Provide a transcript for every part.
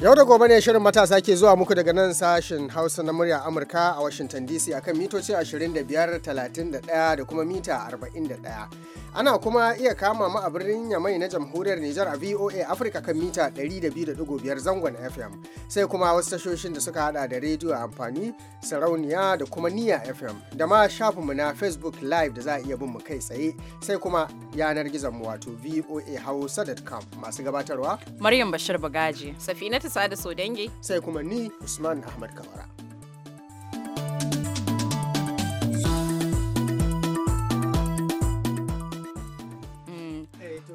Yau da gobe ne shirin matasa ke zuwa muku daga nan sashin Hausa na murya Amurka a Washington DC akan mitoci 25, 31 da kuma mita 41. Ana kuma iya kama mu a birnin Yamai na jamhuriyar Nijar a VOA Africa kan mita 102.5 zangon FM. Sai kuma wasu tashoshin da suka hada da rediyo amfani, sarauniya da kuma niya FM. Da ma shafinmu na Facebook Live da za a iya bin mu kai tsaye. Sai kuma yanar gizon mu wato voahausa.com masu gabatarwa. Maryam Bashir Bagaji. Safinatu Sada dange. Sai kuma ni Usman Ahmad Kamara.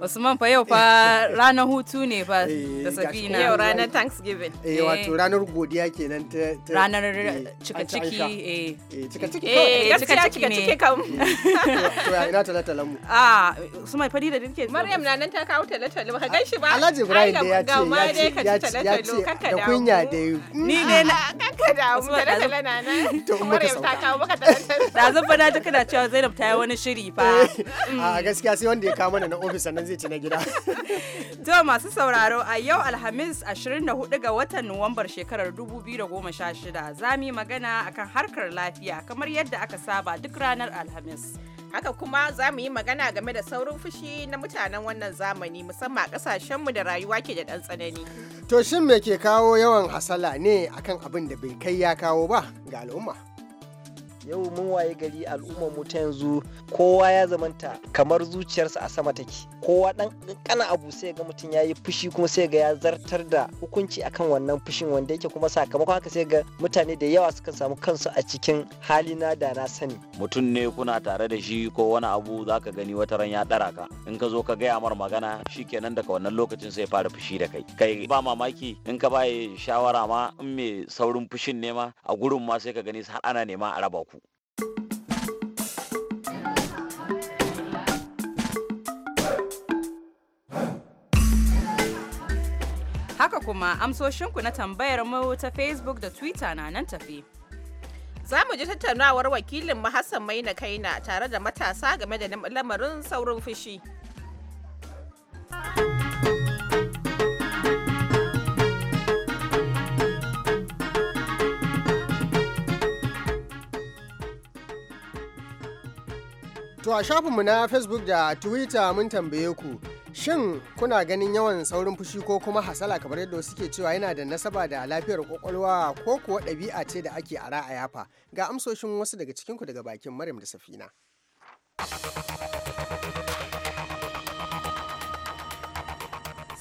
Usman fa yau fa ranar hutu ne fa eh, da safina. Yau ranar Thanksgiving. Eh wato eh. ranar godiya kenan ta ranar eh, cika ciki eh cika ciki eh cika ciki ne. To ina ina talatalan mu. Ah Usman fa dida dinke. Maryam na nan ta kawo ba ka ganshi shi ba. Alhaji Ibrahim da ya ce ya ce ya ce da kunya da ni ne na kanka da mu talatalo na nan. To Maryam ta kawo maka talatalo. Da zan fada ta kana cewa Zainab ta yi wani shiri fa. A gaskiya sai wanda ya kawo mana na ofis sannan zai na gida. To masu sauraro a yau Alhamis 24 ga watan Nuwambar shekarar 2016 za mu yi magana akan harkar lafiya kamar yadda aka saba duk ranar Alhamis. Haka kuma za mu yi magana game da saurin fushi na mutanen wannan zamani musamman a mu da rayuwa ke da ɗan tsanani. To shin me ke kawo yawan hasala ne akan abin da bai kai ya kawo ba ga al'umma? yau mun waye gari al'ummar mu ta yanzu kowa ya zamanta kamar zuciyarsa a sama take kowa dan kana abu sai ga mutum ya yi fushi kuma sai ga ya zartar da hukunci akan wannan fushin wanda yake kuma sakamakon haka sai ga mutane da yawa suka samu kansu a cikin hali na da na sani mutum ne kuna tare da shi ko wani abu zaka gani wata ran ya dara ka in ka zo ka gaya mar magana shikenan daga wannan lokacin sai fara fushi da kai kai ba mamaki in ka baye shawara ma in me saurin fushin ne ma a gurin ma sai ka gani har ana nema a raba ku kuma amsoshinku na tambayar mu ta Facebook da Twitter na nan tafi. Za mu ji tattaunawar wakilin mu Hassan Maina Kaina tare da matasa game da lamarin saurin fushi. To a shafinmu na Facebook da Twitter mun tambaye ku Shin kuna ganin yawan saurin fushi ko kuma hasala kamar yadda suke cewa yana da nasaba da lafiyar kwakwalwa ko kuwa ɗabi'a ce da ake ara a yafa? Ga amsoshin wasu daga cikinku daga bakin Maryam da Safina.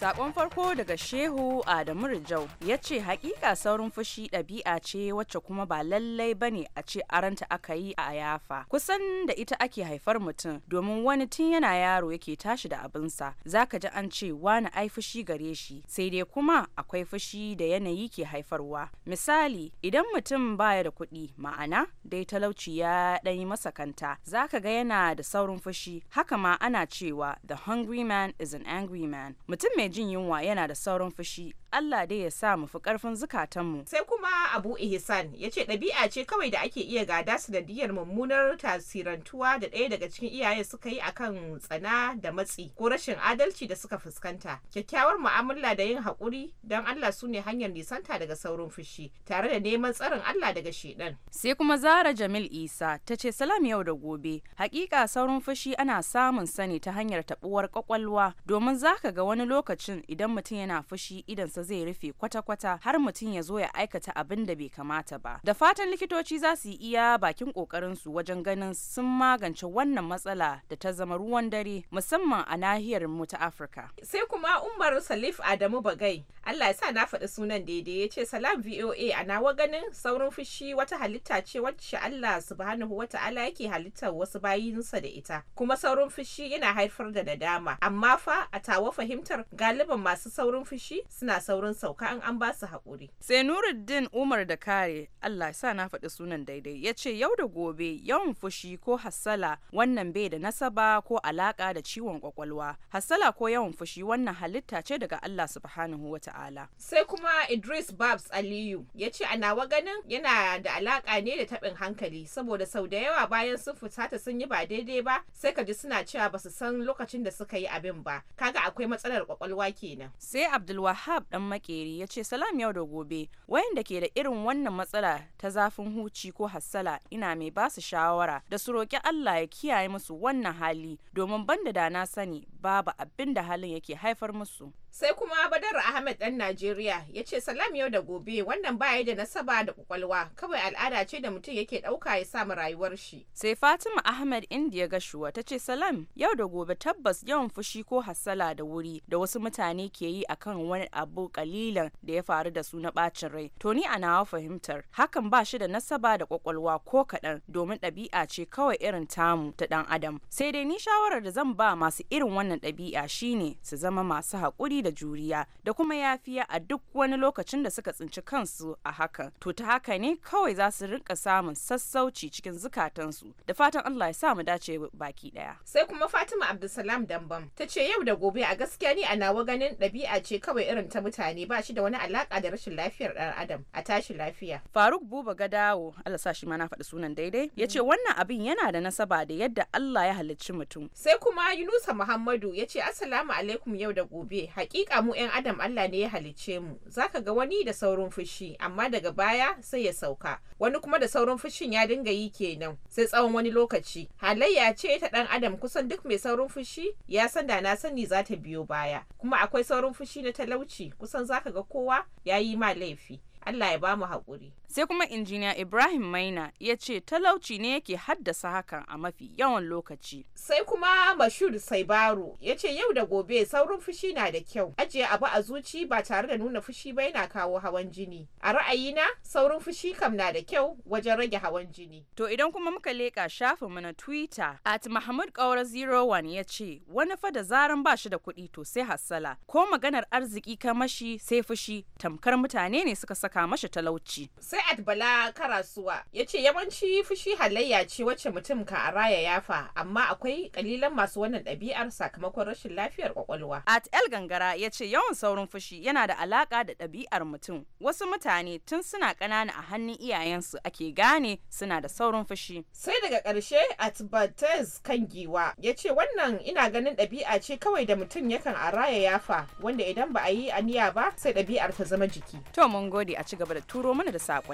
Sakon farko daga Shehu Adamu Rijau ya ce hakika saurin fushi ɗabi'a ce wacce kuma ba lallai bane a ce aranta aka yi a yafa. Kusan da ita ake haifar mutum domin wani tun yana yaro yake tashi da abinsa zaka ji an ce wani ai fushi gare shi sai dai kuma akwai fushi da yanayi ke haifarwa. Misali idan mutum baya da kuɗi ma'ana dai talauci ya ɗan yi masa kanta zaka ga yana da saurin fushi haka ma ana cewa the hungry man is an angry man. Mutum mai 金永万演的宋东夫是。Allah dai ya sa mu fi karfin zukatanmu. Sai kuma Abu Ihsan ya ce ɗabi'a ce kawai da ake iya gada sanadiyar mummunar tasirantuwa da ɗaya daga cikin iyaye suka yi akan tsana da matsi ko rashin adalci da suka fuskanta. Kyakkyawar mu'amala da yin haƙuri don Allah su ne hanyar nisanta daga saurin fushi tare da neman tsarin Allah daga shedan. Sai kuma Zara Jamil Isa ta ce salam yau da gobe. haƙiƙa saurin fushi ana samun sani ta hanyar taɓuwar kwakwalwa domin zaka ga wani lokacin idan mutum yana fushi idan sa kansa zai rufe kwata-kwata har mutum ya zo ya aikata abin da bai kamata ba da fatan likitoci za su yi iya bakin kokarin su wajen ganin sun magance wannan matsala da ta zama ruwan dare musamman a nahiyar mu ta afirka sai kuma umar salif adamu bagai allah ya sa na faɗi sunan daidai ya ce salam voa a nawa ganin saurin fushi wata halitta ce wacce allah subhanahu wata'ala yake halittar wasu bayinsa da ita kuma saurin fushi yana haifar da nadama amma fa a tawa fahimtar galiban masu saurin fushi suna saurin sauka an an ba su haƙuri. sai nuruddin umar da kare allah sa na faɗi sunan daidai ya ce yau da gobe yawan fushi ko hassala wannan bai da nasaba ko alaƙa da ciwon kwakwalwa hassala ko yawan fushi wannan halitta ce daga allah subhanahu wa ta'ala. sai kuma idris babs aliyu ya ce a nawa ganin yana da alaƙa ne da taɓin hankali saboda sau da yawa bayan sun fita ta sun yi ba daidai ba sai ka ji suna cewa ba su san lokacin da suka yi abin ba kaga akwai matsalar kwakwalwa kenan. sai abdulwahab dan dan makeri ya ce salam yau da gobe wayanda ke da irin wannan matsala ta zafin huci ko hassala ina mai basu shawara da su roƙi Allah ya kiyaye musu wannan hali domin banda da na sani babu abin da halin yake haifar musu. Sai kuma Badar Ahmed ɗan Najeriya ya ce salam yau da gobe wannan baya da nasaba da kwakwalwa kawai al'ada ce da mutum yake ɗauka ya samu rayuwar shi. Sai Fatima Ahmed Indiya Gashuwa ta ce salam yau da gobe tabbas yawan fushi ko hassala da wuri da wasu mutane ke yi akan wani abu kalilan da ya faru da su na bacin rai. To ni a nawa fahimtar hakan ba shi da nasaba da kwakwalwa ko kaɗan domin ɗabi'a ce kawai irin tamu ta ɗan adam. Sai dai ni shawarar da zan ba masu irin wannan wannan ɗabi'a shine su zama masu haƙuri da juriya da kuma yafiya a duk wani lokacin da suka tsinci kansu a hakan. To ta haka ne kawai za su rinka samun sassauci cikin zukatansu. Da fatan Allah ya sa mu dace baki ɗaya. Sai kuma Fatima Abdulsalam Dambam ta ce yau da gobe a gaskiya ni a nawa ganin ɗabi'a ce kawai irin ta mutane ba shi da wani alaƙa da rashin lafiyar ɗan adam a tashi lafiya. Faruk Buba Gadawo Allah sa shi ma na faɗi sunan daidai ya ce wannan abin yana da nasaba da yadda Allah ya halicci mutum. Sai kuma Yunusa Muhammad Ahmadu ya ce Assalamu alaikum yau da gobe hakika mu 'yan adam Allah ne ya halicce mu zaka ga wani da saurin fushi amma daga baya sai ya sauka wani kuma da saurin fushin ya dinga yi kenan sai tsawon wani lokaci halayya ce ta ɗan adam kusan duk mai saurin fushi ya san da na sani za ta biyo baya kuma akwai saurin fushi na talauci kusan za ka ga kowa ya yi ma laifi Allah ya ba mu haƙuri. sai kuma injiniya ibrahim maina ya ce talauci ne yake haddasa hakan a mafi yawan lokaci sai kuma mashud saibaro ya ce yau da gobe saurin fushi na da kyau ajiye abu a zuci ba tare da nuna fushi ba yana kawo hawan jini a ra'ayina saurin fushi kam na da kyau wajen rage hawan jini to idan kuma muka leƙa mu na twitter at mahmud kaura 01 ya ce wani fa da zaran ba shi da kuɗi to sai hassala ko maganar arziki kamashi sai fushi tamkar mutane ne suka saka mashi talauci Rifa'at Bala Karasuwa ya ce yawanci fushi halayya ce wacce mutum ka a raya yafa amma akwai kalilan masu wannan ɗabi'ar sakamakon rashin lafiyar kwakwalwa. At El Gangara ya ce yawan saurin fushi yana da alaka da ɗabi'ar mutum. Wasu mutane tun suna ƙanana a hannun iyayensu ake gane suna da saurin fushi. Sai daga ƙarshe at Bates kan giwa ya ce wannan ina ganin ɗabi'a ce kawai da mutum yakan a raya yafa wanda idan ba a yi aniya ba sai ɗabi'ar ta zama jiki. To mun gode a ci gaba da turo mana da sako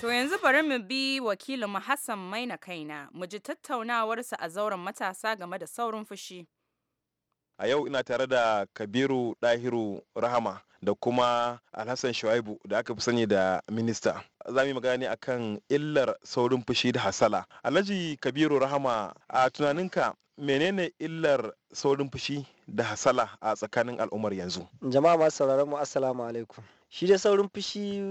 To yanzu bari mu bi wakilin mu Hassan Maina kaina mu ji tattaunawarsa a zauren matasa game da saurin fushi. A yau ina tare da Kabiru Dahiru Rahama da kuma alhassan shuaibu da aka fi sani da minista za mu yi magana ne akan illar saurin fushi da hasala alhaji kabiru rahama a tunaninka menene illar saurin fushi da hasala a tsakanin al'ummar yanzu jama'a masu sauraron mu assalamu alaikum shi da saurin fushi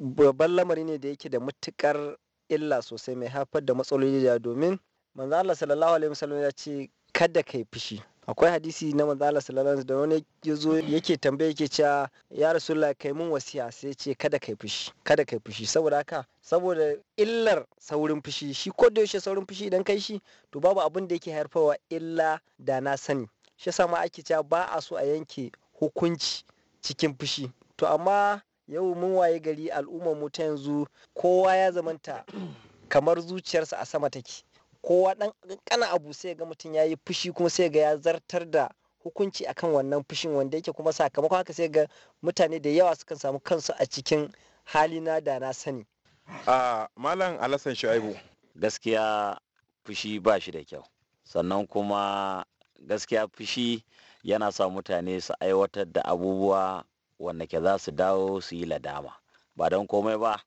babban lamari ne da yake da matukar illa sosai mai haifar da matsaloli da domin manzo Allah sallallahu alaihi wasallam ya ce kada kai fushi akwai hadisi na maza Allah sallallahu da wani ya zo yake tambaye yake cewa ya rasulullah kai mun wasiya sai ce kada kai fushi kada kai fushi saboda haka saboda illar saurin fushi shi ko da yaushe saurin fushi idan kai shi to babu abin da yake haifarwa illa da na sani shi yasa ma ake cewa ba a so a yanke hukunci cikin fushi to amma yau mun waye gari al'ummar mu ta yanzu kowa ya zamanta kamar zuciyarsa a sama take kowa ɗan ƙana abu sai ga mutum ya yi fushi kuma sai ga ya zartar da hukunci akan wannan fushin wanda yake kuma sakamakon haka sai ga mutane da yawa sukan samu kansu a cikin hali na da na sani. a malam alasan shu'aibu gaskiya fushi ba shi da kyau sannan kuma gaskiya fushi yana sa mutane su aiwatar da abubuwa wanda ke za su dawo su yi ladama ba don komai ba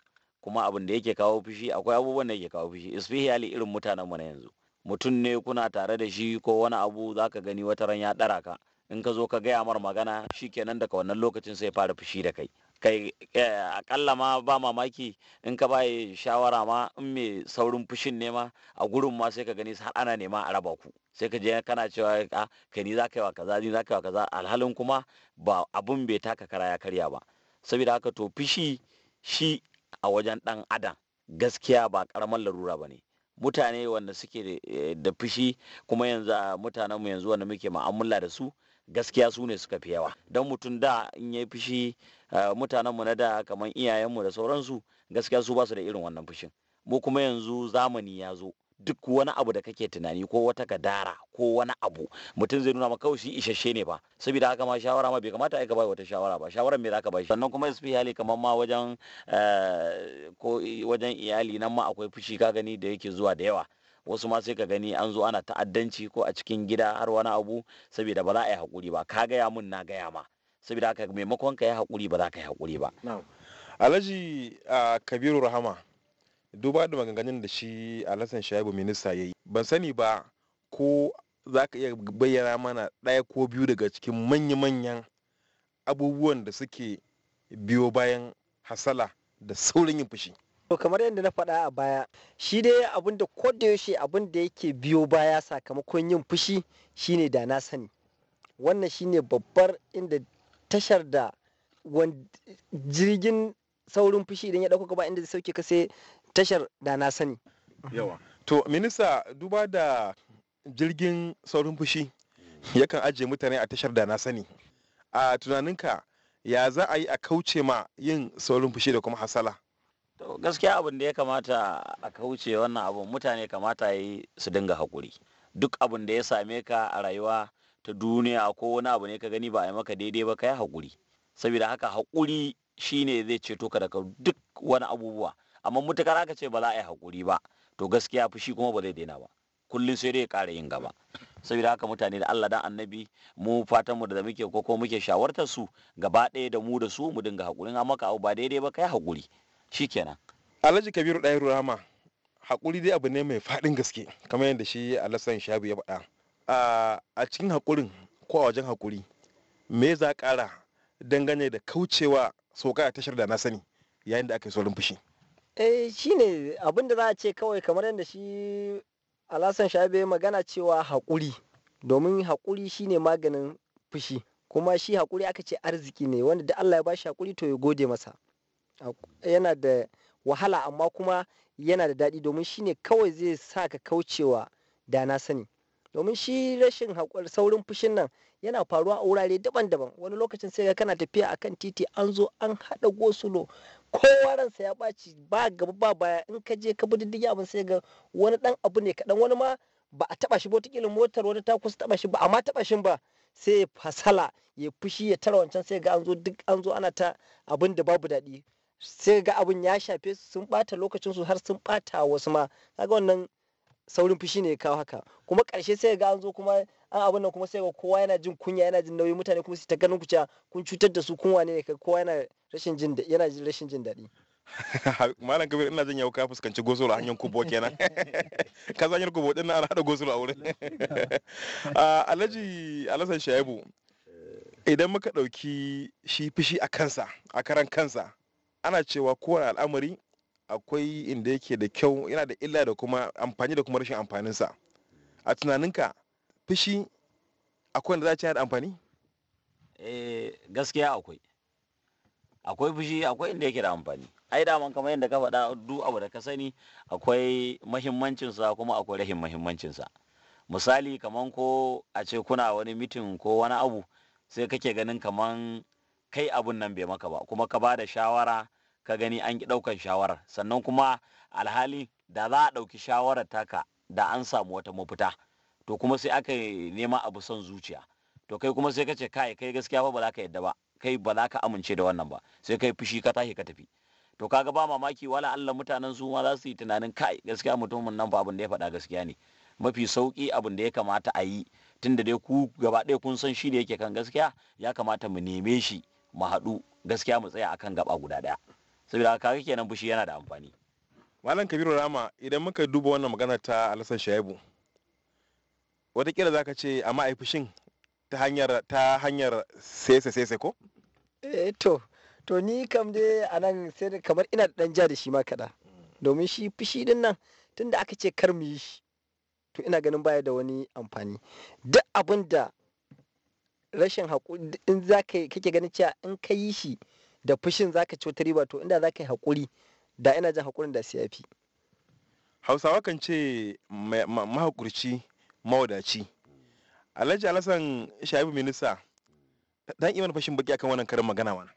kuma abin da yake kawo fushi akwai abubuwan da yake kawo fushi especially irin mutanen mu na yanzu mutum ne kuna tare da shi ko wani abu zaka gani wata ran ya dara ka in ka zo ka gaya mar magana shikenan daga wannan lokacin sai fara fushi da kai kai eh, akalla ma ba mamaki in ka baye shawara ma in mai saurin fushin ne ma a gurin ma sai ka gani har ana nema a raba ku sai ka je kana cewa a ah, kai ni za ka yi wa kaza ni za ka yi wa kaza alhalin kuma ba abun bai taka kara ya karya ba saboda haka to fushi shi a wajen ɗan adam gaskiya ba ƙaramar larura ba ne mutane wanda suke da eh, fushi kuma yanzu mutanenmu yanzu wanda muke ma'amala da su gaskiya su ne suka fi yawa don mutum da in ya fushi eh, mutanenmu na da kamar iyayenmu da sauransu gaskiya su ba su da irin wannan fushin mu kuma yanzu zamani ya zo duk wani abu da kake tunani ko wata gadara ko wani abu mutum zai nuna maka shi isasshe ne ba saboda haka ma shawara ma bai kamata ai ka bai wata shawara ba shawaran me zaka bai sannan kuma especially kamar ma wajen eh, ko wajen iyali nan ma akwai fushi ka gani da yake zuwa da yawa wasu ma sai ka gani an zo ana ta'addanci ko a cikin gida har wani abu saboda ba za a yi hakuri ba ka gaya mun na gaya ma saboda haka maimakon ka yi hakuri ba za ka yi hakuri ba alhaji ah, kabiru rahama duba da maganganun da shi alasan shaibu minista ya yi ban sani ba ko za ka iya bayyana mana ɗaya ko biyu daga cikin manya-manyan abubuwan da suke biyo bayan hasala da saurin yin fushi to kamar yadda na faɗa a baya shi dai abin da yaushe abin da yake biyo baya sakamakon yin fushi shine da na sani wannan shine babbar inda tashar da jirgin saurin fushi idan ya dauko gaba inda zai sauke ka sai tashar da na sani to minista duba da jirgin saurin fushi yakan ajiye mutane a tashar da na sani a tunaninka ya za a yi a kauce ma yin saurin fushi da kuma hasala to gaskiya abin da ya kamata a kauce wannan abin mutane kamata yi su dinga haƙuri duk abin da ya same ka a rayuwa ta duniya ko wani abu ne ka gani ba a yi maka daidai ba ka yi haƙuri saboda haka haƙuri shine zai ceto ka daga duk wani abubuwa amma mutukar aka ce ba za a yi haƙuri ba to gaskiya fushi kuma ba zai daina ba kullum sai dai ƙara yin gaba saboda haka mutane da Allah dan annabi mu fatan mu da muke ko ko muke shawartar su gaba ɗaya da mu da su mu dinga haƙuri amma ka abu ba daidai ba kai haƙuri shikenan Alhaji Kabiru Ɗaya Rama hakuri dai abu ne mai faɗin gaske kamar yadda shi Alhassan Shabu ya faɗa a cikin haƙurin ko a wajen hakuri me za ƙara dangane da kaucewa sauka a tashar da na sani yayin da aka yi saurin fushi Eh shi ne abin da za a ce kawai kamar yadda shi alasan Shabe magana cewa haƙuri domin haƙuri shi ne maganin fushi kuma shi haƙuri aka ce arziki ne wanda da Allah ya ba shi haƙuri to ya gode masa yana da wahala amma kuma yana da daɗi domin shi ne kawai zai sa ka kaucewa da na sani domin shi rashin haƙuri saurin fushin nan yana faruwa a wurare daban-daban wani lokacin sai kana tafiya akan titi an zo an haɗa gosulo kowa ransa ya ɓaci ba gaba ba baya in ka je ka bi abin sai ga wani dan abu ne kaɗan wani ma ba a taɓa shi ba wataƙila motar wani ta kusa taɓa shi ba amma taɓa shi ba sai ya fasala ya fushi ya tara wancan sai ga an zo duk an zo ana ta abin da babu daɗi sai ga abin ya shafe sun ɓata lokacin su har sun ɓata wasu ma kaga wannan saurin fushi ne ya kawo haka kuma karshe sai ga an zo kuma an abin nan kuma sai ga kowa yana jin kunya yana jin nauyi mutane kuma su ta ganin ku kun cutar da su kun wane ne kowa yana rashin jin yana rashin jin daɗi malam kabir ina jin yau ka fuskanci gosulo a hanyar kubo kenan ka zanyar kubo din ana hada gosulo a wurin ah, alhaji alhassan shaibu idan muka dauki shi fushi a kansa a karan kansa ana cewa kowane al'amari akwai inda yake da kyau yana da illa da kuma amfani da kuma rashin amfaninsa a tunaninka fushi akwai inda za ci da amfani eh, gaskiya akwai akwai fushi akwai inda yake da amfani ai daman kamar yadda ka faɗa duk abu da ka sani akwai mahimmancinsa kuma akwai rahin mahimmancinsa misali kamar ko a ce kuna wani mitin ko wani abu sai kake ganin kamar kai abun nan bai maka ba kuma ka ba da shawara ka gani an ki ɗaukan shawarar sannan kuma alhali da za a ɗauki shawarar taka da an samu wata mafita to kuma sai aka nema abu son zuciya to kai kuma sai ka ce kai kai gaskiya fa ba za ka yadda ba kai ba za ka amince da wannan ba sai kai fushi ka tashi ka tafi to kaga ba mamaki wala Allah mutanen su ma za su yi tunanin kai gaskiya mutumin nan ba abin da ya faɗa gaskiya ne mafi sauki abin da ya kamata a yi tunda dai ku gaba ɗaya kun san shi da yake kan gaskiya ya kamata mu neme shi mu haɗu gaskiya mu tsaya akan gaba guda ɗaya saboda kaga kenan bushi yana da amfani malam kabiru rama idan muka duba wannan magana ta alasan shaibu watakila za ka ce amma a fushin ta hanyar ta hanyar sese sese ko eh to to ni kam dai a nan sai kamar ina da dan ja da shi ma kaɗa domin shi fushi din nan tunda aka ce kar mu yi shi to ina ganin baya da wani amfani duk abin da rashin haƙuri in za kake ganin cewa in ka yi shi da fushin zaka ci wata riba to inda zaka yi haƙuri, da ina jin haƙurin da ya yafi hausawa kan ce mahaƙurci mawadaci alhaji alasan shaibu minista dan iman fashin baki akan wannan karin magana wani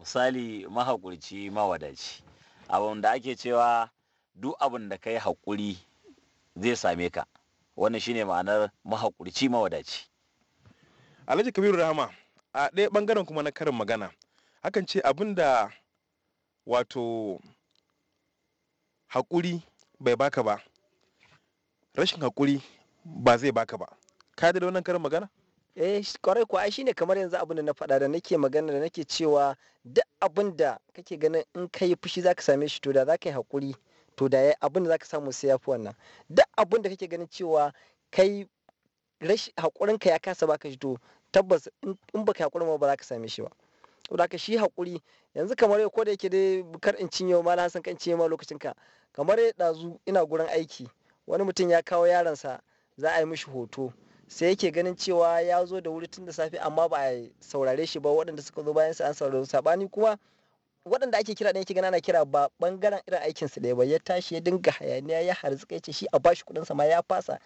misali mahaƙurci mawadaci abin da ake cewa duk abin da ka yi haƙuri zai same ka wannan shine ma'anar mahaƙurci mawadaci alhaji kabiru rahama a ɗaya ɓangaren kuma na karin magana akan ce abin da wato haƙuri bai baka ba rashin haƙuri ba zai baka ba ka da wannan karin magana eh kwarai kuwa ai shine kamar yanzu abin da na faɗa da nake magana da nake cewa duk abin da kake ganin in ka yi fushi zaka same shi to da zaka yi haƙuri to da abin da zaka samu sai yafi wannan duk abin da kake ganin cewa kai rashin haƙurinka ya kasa baka shi to tabbas in baka haƙurin ba za ka same shi ba saboda ka shi hakuri yanzu kamar ko da yake dai kar in cinye ma na san kan cinye ma lokacin ka kamar ɗazu ina gurin aiki wani mutum ya kawo sa za a yi mishi hoto sai yake ganin cewa ya zo da wuri tun da safe amma ba a saurare shi ba waɗanda suka zo bayan sa an saurare sabani kuma waɗanda ake kira ɗan yake gana ana kira ba bangaren irin aikin su ɗaya ba ya tashi ya dinga hayaniya ya harzu ya ce shi a bashi kudin sa ma ya fasa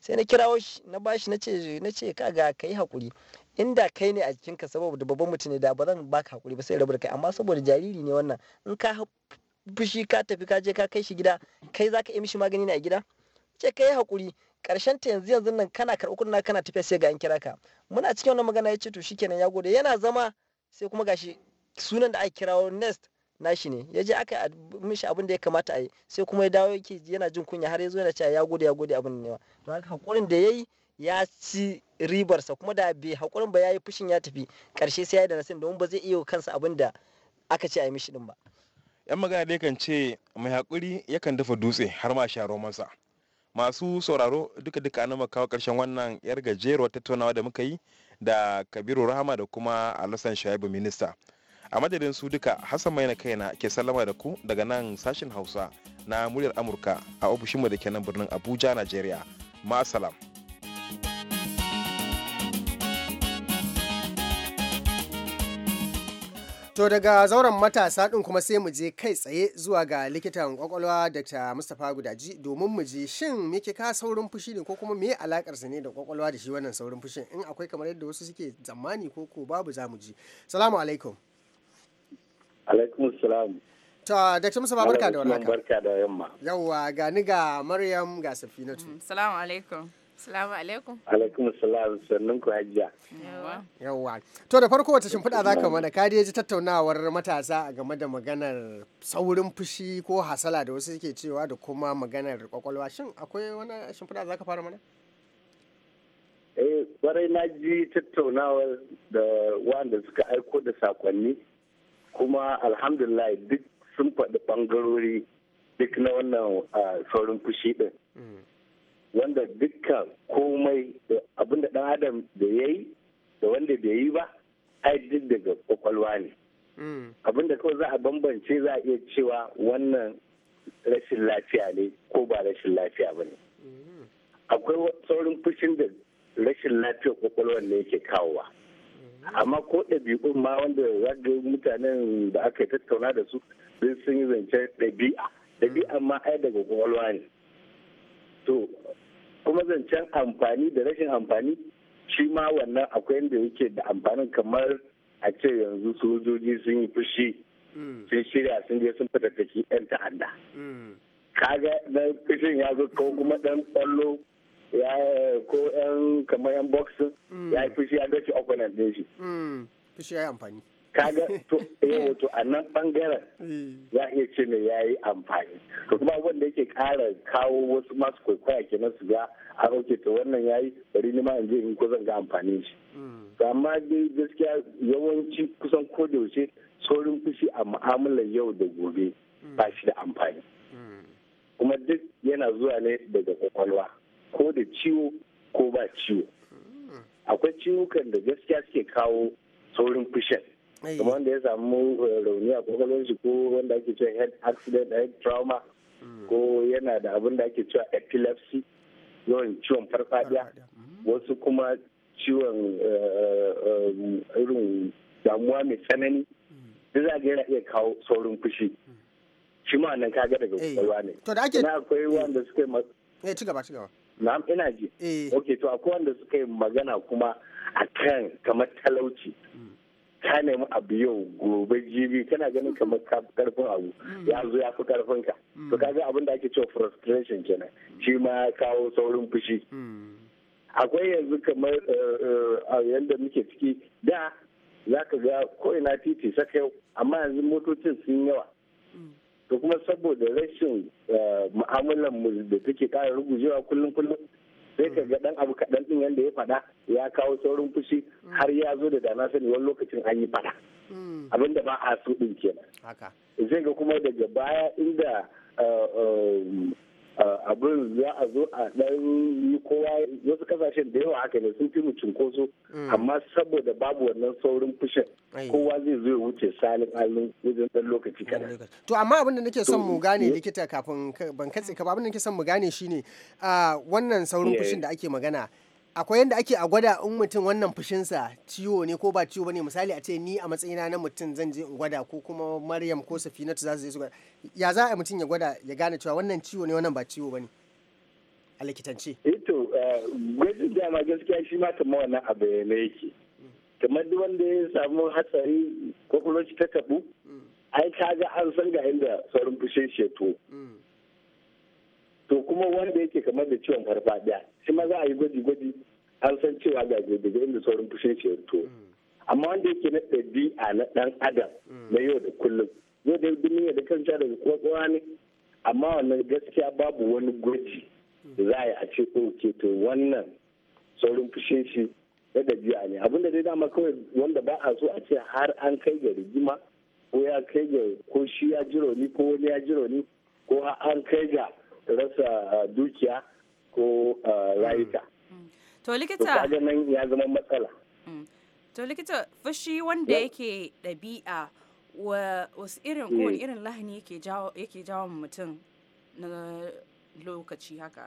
sai na kirawo shi na bashi na ce na ce ka kai hakuri inda kai ne a jikinka saboda babban mutum ne da ba zan baka hakuri ba sai rabu da kai amma saboda jariri ne wannan in ka fushi ka tafi ka je ka kai shi gida kai za ka yi mishi magani ne a gida ce ka yi hakuri karshen ta yanzu yanzu nan kana karɓi kuɗin kana tafiya sai ga an kira ka muna cikin wannan magana ya ce to shikenan ya gode yana zama sai kuma gashi sunan da aka kirawo next nashi ne ya je aka mishi abin da ya kamata a yi sai kuma ya dawo yake yana jin kunya har ya zo yana cewa ya gode ya gode abin ne don haka hakurin da ya ya ci ribarsa kuma da bai hakurin ba ya yi fushin ya tafi karshe sai ya yi da nasin domin ba zai iya kansa abin da aka ce a yi mishi din ba yan magana dai kan ce mai hakuri yakan dafa dutse har ma sha romansa masu sauraro duka duka an kawo karshen wannan yar gajeruwar tattaunawa da muka yi da kabiru rahama da kuma alasan shaibu minista a madadin su duka hassan mai na kaina ke sallama da ku daga nan sashen hausa na muryar amurka a ofishinmu da ke nan birnin abuja nigeria ma salam To daga zauren matasa ɗin kuma sai mu je kai tsaye zuwa ga likitan kwakwalwa Dr. Mustapha Gudaji domin mu je shin me ke ka saurin fushi ne ko kuma me alakarsa ne da kwakwalwa da shi wannan saurin fushin in akwai kamar yadda wasu suke tsammani ko ko babu za mu ji. Salamu alaikum. Alaikum salam. Ta Dr. Mustapha barka da warhaka. Barka da yamma. Yawwa ga ni ga Maryam ga Safinatu. Mm, salamu alaikum. Salamu alaikum. Alaikum salam sannan ku hajiya. Yawwa. To da farko wata shimfiɗa za ka mana ka ji tattaunawar matasa game da maganar saurin fushi ko hasala da wasu suke cewa da kuma maganar kwakwalwa shin akwai wani shimfiɗa za ka fara mana? Eh, kwarai na ji tattaunawar da wanda suka aiko da sakonni kuma alhamdulillah duk sun faɗi ɓangarori duk na wannan ah, saurin fushi ɗin. Mm. wanda dukkan komai da ɗan adam da ya yi da wanda bai yi ba ai duk daga kwakwalwa ne mm. Abin da kawai za a bambance za a iya cewa wannan rashin lafiya ne ko ba rashin lafiya ba ne mm. akwai saurin fushin da rashin lafiyar kwakwalwar ne yake kawowa mm. amma ko ɗabi'un ma wanda zaga mutanen da aka tattauna da su sun yi zancen ɗabi'a ɗabi'a ma ai daga kwakwalwa ne to kuma zancen amfani da rashin amfani shi ma wannan akwai inda yake da amfanin kamar a ce yanzu sojoji sun yi fushi hmm. sun shirya sun je sun fita fatattaki 'yan ta'adda hmm. kaga na fushin ya zo ko kuma dan kwallo ya ko yan kamar yan boxing hmm. ya yi fushi ya gaci opponent ne shi fushi ya yi amfani kaga to eh to a nan bangaren ya eh. iya ce mai yi amfani to kuma wanda yake kara kawo wasu masu kwaikwaya ke na su ga a ah, roke to wannan ya yi, bari ni ma in je in ko zan ga amfanin shi hmm. to amma dai gaskiya yawanci kusan ko da yaushe saurin fushi a mu'amalar yau da gobe hmm. ba shi da amfani hmm. kuma duk yana zuwa ne daga kwakwalwa ko da ciwo ko ba ciwo akwai ciwukan da gaskiya suke kawo saurin fushin Eh. kamar wanda ya samu eh, rauni a kwakwalwar shi ko wanda ake cewa head accident head trauma hmm. ko yana da abin da ake cewa epilepsy yawan ciwon farfadiya hmm. wasu kuma ciwon eh, irin damuwa mai tsanani hmm. duk za ga yana iya kawo saurin fushi shi ma nan kaga daga kwakwalwa ne to da ake na akwai wanda suka yi eh ci gaba ci gaba na'am ina ji okay to akwai wanda suka yi magana kuma akan kamar talauci ka nemi abu yau gobe jibi kana ganin kamar karfin abu mm. ya zo ya fi karfin mm. ka to kaga abin da ake cewa frustration kenan shi ma ya kawo saurin fushi mm. akwai yanzu kamar eh, eh, yadda muke ciki da za ka ga ko'ina titi saka yau amma yanzu motocin sun yawa to kuma saboda rashin eh, mu'amalar mu da take kara rugujewa kullum kullum sai ka ga dan abu kaɗan ɗin yadda ya faɗa ya kawo saurin fushi har ya zo da dana sani wani lokacin an yi faɗa hmm. abinda ba a so ɗin kenan zai ga kuma daga baya inda eh, eh, abin za a zo a dan yi kowa wasu kasashen da yawa haka ne sun fi mu cinkoso mm. amma saboda babu wannan saurin fushin kowa zai zo ya wuce salin halin wajen dan lokaci kadan to amma abin da nake son mu gane eh. likita kafin ban katse ka ba abin da nake son mu gane shine wannan saurin fushin da ake magana akwai yadda ake a gwada in mutum wannan fushinsa ciwo ne ko ba ciwo bane misali a ce ni a matsayina na mutum zan je in gwada ko kuma maryam ko safinatu za su je su gwada ya za a mutum ya gwada ya gane cewa wannan ciwo ne wannan ba ciwo ba ne a likitance ito eh gwajin eh, dama gaskiya shi ma kamar wannan abu ne yake kamar duk wanda ya samu hatsari ko kuma ta tabu mm. ai kaga an san ga inda saurin fushin shi to kuma wanda yake kamar da ciwon farfadiya shi ma za a yi gwaji-gwaji har san cewa ga daga inda saurin fushi shi ya amma wanda yake na a na ɗan adam na yau da kullum yau da duniya da kanta daga kwakwa ne amma wannan gaskiya babu wani gwaji da za a yi a ce ke to wannan saurin fushi shi na ɗabi'a ne abinda dai dama kawai wanda ba a so a ce har an kai ga rigima ko ya kai ga ko shi ya jiro ni ko wani ya jiro ni ko an kai ga rasa ah, dukiya ko ah, rayuka mm. to likita nan ya zama matsala mm. to likita fushi wanda yake ɗabi'a wasu irin ko mm. irin lahani yake jawo mutum na lokaci haka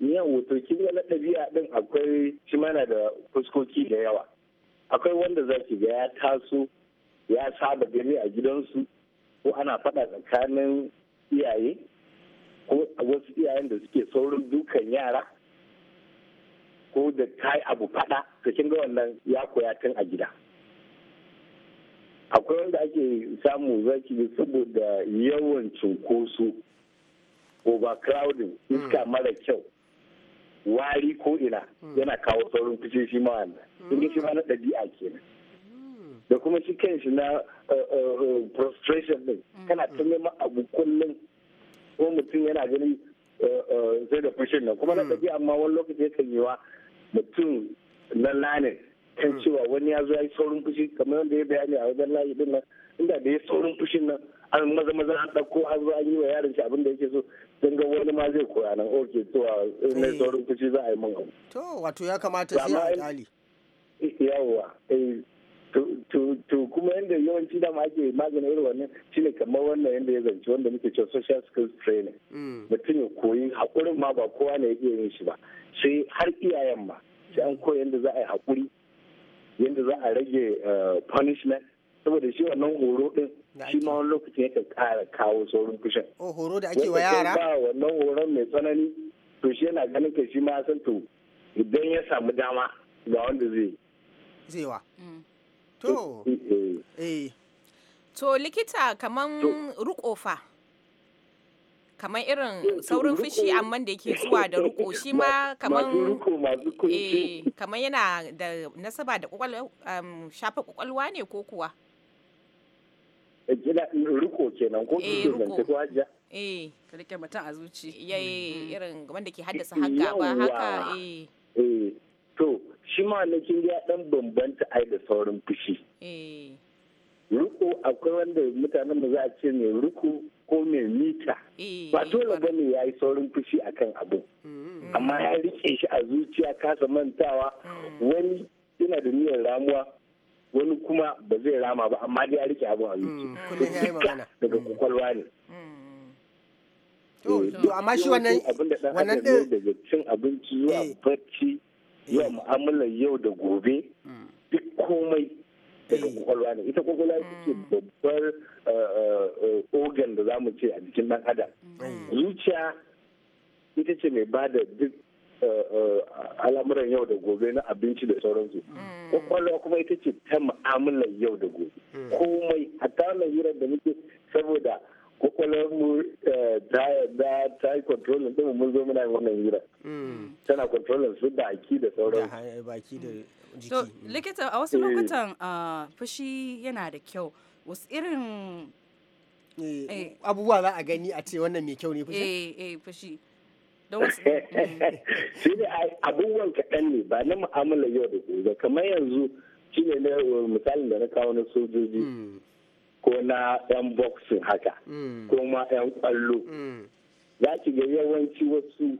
yan wato kin na ɗabi'a ɗin akwai shi mana da fuskoki da yawa akwai wanda za ki ga ya taso ya saba gani a gidansu ko ana faɗa tsakanin iyaye ko wasu iyayen da suke saurin dukan yara ko da ta abu fada to kin ga wannan ya koya tun a gida akwai wanda ake samu zaki saboda yawan cunkoso overcrowding hmm. iska mara kyau wari ko ina hmm. yana kawo saurin fice shi ma wannan hmm. shi ma na ɗabi'a kenan da kuma shi kanshi na prostration eh, eh, din mm. kana ta neman abu kullum ko mutum yana ganin sai eh, da fushin nan kuma na mm. tafi amma wani lokaci yakan yi wa mutum na lanin kan mm. cewa wani ya zo ya yi saurin fushi kamar yadda ya bayani a wajen layi din nan inda da ya saurin fushin nan an maza maza an ɗauko an zo an yi wa yaron shi abin da yake so don ga wani ma zai koya nan oke to na saurin fushi za a yi mun to wato ya kamata sai a kali. yawwa eh to kuma yadda yawanci dama ake maganin irin wannan shine kamar wannan yadda ya zance wanda muke cewa social skills training mm. mutum ya koyi haƙurin ma ba kowa ne ya iya yin shi ba sai har iyayen ma sai an koyi yadda za a yi haƙuri yadda za a rage eh, punishment saboda shi wannan horo din shi ma wani lokaci yake ƙara kawo saurin kushen. Oh horo da ake wa yara? Wanda ba wannan horon mai tsanani to shi yana ganin ka shi ma san to idan ya samu dama ga wanda zai. Zai wa. Mm. To. Eh. eh. To likita kaman rukofa. kaman irin eh, saurin fushi amman da yake zuwa da ruko shi ma kaman eh kaman yana da nasaba da shafa kwakwalwa um, ne ko kuwa gida eh, riko kenan ko dutse ko hajiya eh ka rike mutum a zuci yayi mm. irin wanda ke haddasa haka ba haka eh eh shi ma na kin ya dan bambanta ai da saurin fushi eh. ruku akwai wanda mutanen da za a ce mai ruku ko mai mita eh, ba dole ba ne ya yi saurin fushi akan abu mm. amma ya rike shi a zuciya kasa mantawa mm. wani yana da niyyar ramuwa wani kuma ba zai rama ba amma dai ya rike abin a zuciya mm, daga kwakwalwa ne to eh, amma shi wannan wannan da daga cin abinci zuwa bacci yau mu'amalar yau da gobe duk komai daga eh. kwakwalwa ne ita kwakwalwa ita ce hmm. babbar eh, eh, organ da za mu ce a jikin ɗan adam hmm. zuciya ita ce mai bada da duk al'amuran yau da gobe na abinci da sauransu hmm. kwakwalwa kuma ita ce ta mu'amalar yau da gobe komai hatta wannan da muke saboda kwakwalwar mu ta ta yi kontrolin ɗin mun zo muna yin wannan hira mm. tana kontrolin su baki da sauran baki da jiki So, mm. likita a wasu eh. lokutan ah, fushi yana da kyau wasu irin eh, eh. abubuwa za a gani a ce wannan mai kyau ne fushi eh eh fushi shi ne abubuwan kaɗan ne ba na mu'amalar yau da gobe kamar yanzu shi ne na misalin da na kawo na sojoji mm. ko na 'yan boxing haka ko ma 'yan kwallo za ki ga yawanci wasu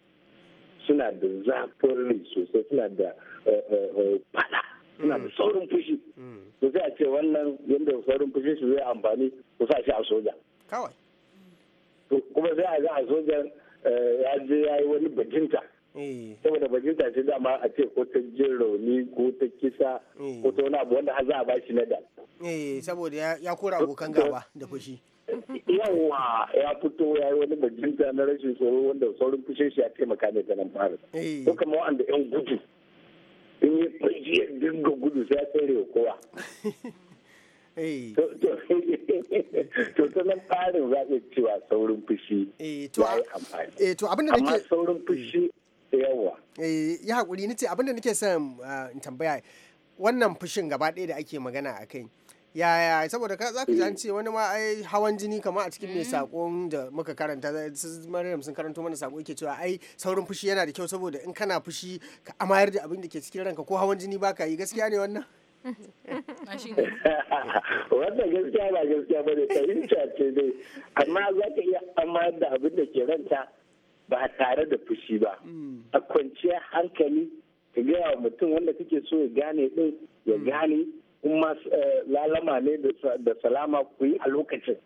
suna da zafin rai sosai suna da eh, eh, eh, fada suna da mm. saurin fushi da mm. sai a ce wannan yadda saurin fushi su zai amfani ku sa shi a soja kuma sai a ga a sojan ya je ya yi wani bajinta saboda bajinta ce dama a ce ko ta jin rauni ko ta kisa ko ta wani abu wanda za a bashi na da saboda ya kora abokan gaba da fushi yawa ya fito ya yi wani bajinta na rashin tsoro wanda saurin fushin shi ya taimaka ne ta nan fara eh. ko kama wa'anda yan gudu in yi fashi ya dinga gudu sai ya tsere wa kowa eh. to ta nan farin za a cewa saurin fushi eh, ya yi amfani amma saurin fushi yawa ya haƙuri nace abinda nake son ah, in tambaya wannan fushin gaba ɗaya da ake magana a kai yaya saboda ka zaka ji an ce wani ma ai hawan jini kamar a cikin mai mm. sakon da muka karanta Maryam sun karanto mana sako yake cewa ai saurin fushi yana da kyau saboda in kana fushi ka amayar da abin da ke cikin ranka ko hawan jini baka yi gaskiya ne wannan wannan gaskiya ba gaskiya ba ne fahimta ce dai amma za ka iya amayar da abin da ke ranta ba tare da fushi ba mm. a kwanciyar hankali ka gaya wa mutum wanda kake so ya gane din ya mm. gane kun ma eh, lalama ne da salama ku yi a lokacin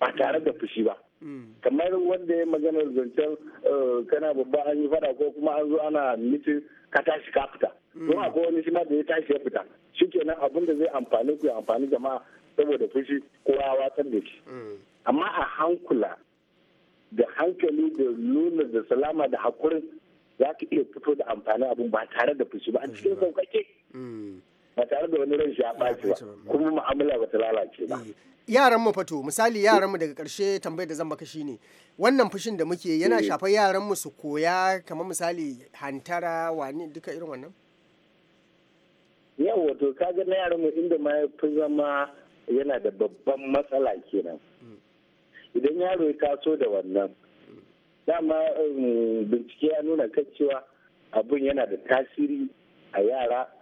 ba tare da fushi ba mm. kamar wanda ya maganar zancen eh, kana babba an yi fada ko kuma an zo ana miti ka tashi ka fita mm. don a wani shi ma da ya tashi ya fita shi kenan abin da zai amfani ku amfani jama'a saboda fushi ko ya watsar da shi mm. amma a hankula da hankali da nuna da salama da hakurin za ka iya fito da amfani abin ba tare da fushi ba a cikin sauƙaƙe ba tare da wani rashin ya ɓaci ba kuma mu'amala ba ta lalace ba eh, yaran mu fato misali yaran mu daga karshe tambayar da zan baka shine wannan fushin da muke yana eh. shafar yaran mu su koya kamar misali hantara wani duka irin wannan yawo to kaga na yaran mu inda ma ya fi zama yana da babban matsala kenan mm. idan yaro ya taso da wannan dama um, bincike ya nuna kacewa abun yana da tasiri a yara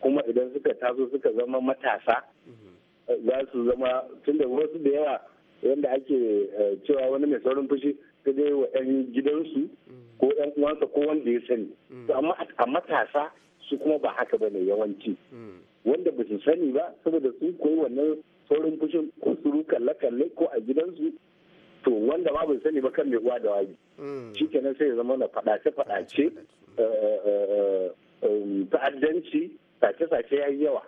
kuma idan suka taso suka zama matasa za su zama tunda wasu da yawa yadda ake eh, cewa wani mai saurin fushi ta dai wa 'yan gidansu ko 'yan uwansa ko wanda ya sani amma a matasa su kuma ba haka ba ne yawanci wanda ba su sani ba saboda su koyi wannan saurin fushin ko su kalle-kalle ko a gidansu to wanda ba bai sani ba kan mai uwa da wabi shi kenan sai ya zama na faɗace-faɗace eh, eh, ta'addanci sace-sace ya yi yawa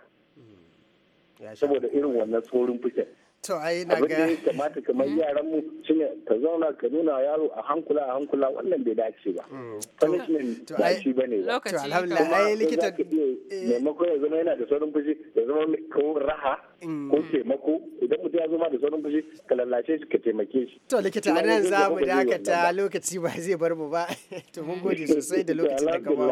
saboda irin wannan tsorin fushin to ai na ga abin kamata kamar mm-hmm. yaran mu shine ta zauna ka nuna yaro a hankula a hankula wannan bai dace ba mm. punishment ba shi bane ba to alhamdulillah ai likita eh. maimakon ya zama yana da tsorin fushi ya zama ko raha Mm. ko taimako idan mutum ya zama da sauran fushi ka lallace shi ka taimake shi to likita a nan za mu dakata lokaci ba zai bar mu ba to mun gode sosai da lokacin da ka ba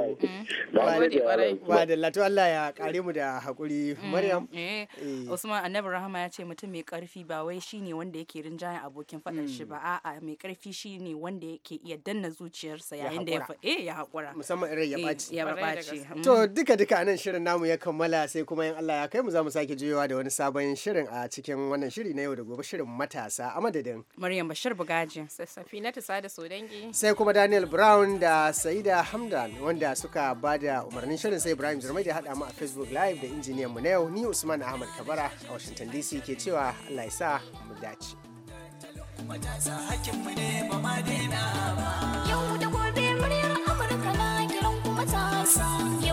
mu ba da lato Allah ya kare mu da hakuri mm-hmm. maryam eh, eh. usman annabi rahama ya ce mutum mai karfi ba wai shine wanda yake rinjaye abokin faɗan shi ba mm. a'a mai karfi shine wanda yake iya danna zuciyarsa yayin da ya eh ya hakura musamman irin ya eh, ɓaci ya ɓaci mm. to duka duka nan shirin namu ya kammala sai kuma in Allah ya kai mu za mu sake juyowa da wani sabon shirin a cikin wannan shiri na yau da gobe shirin matasa a madadin. Maryam Bashir Bugaji. Sassafi na Tusa da Sodangi. Sai kuma Daniel Brown da Saida Hamdan wanda suka ba da umarnin shirin sai Ibrahim Jirmai da haɗa mu a Facebook Live da injiniyan mu na yau ni Usman Ahmad Kabara a Washington DC ke cewa Allah ya sa mu dace. Yau da gobe muryar Amurka na kiran kuma matasa.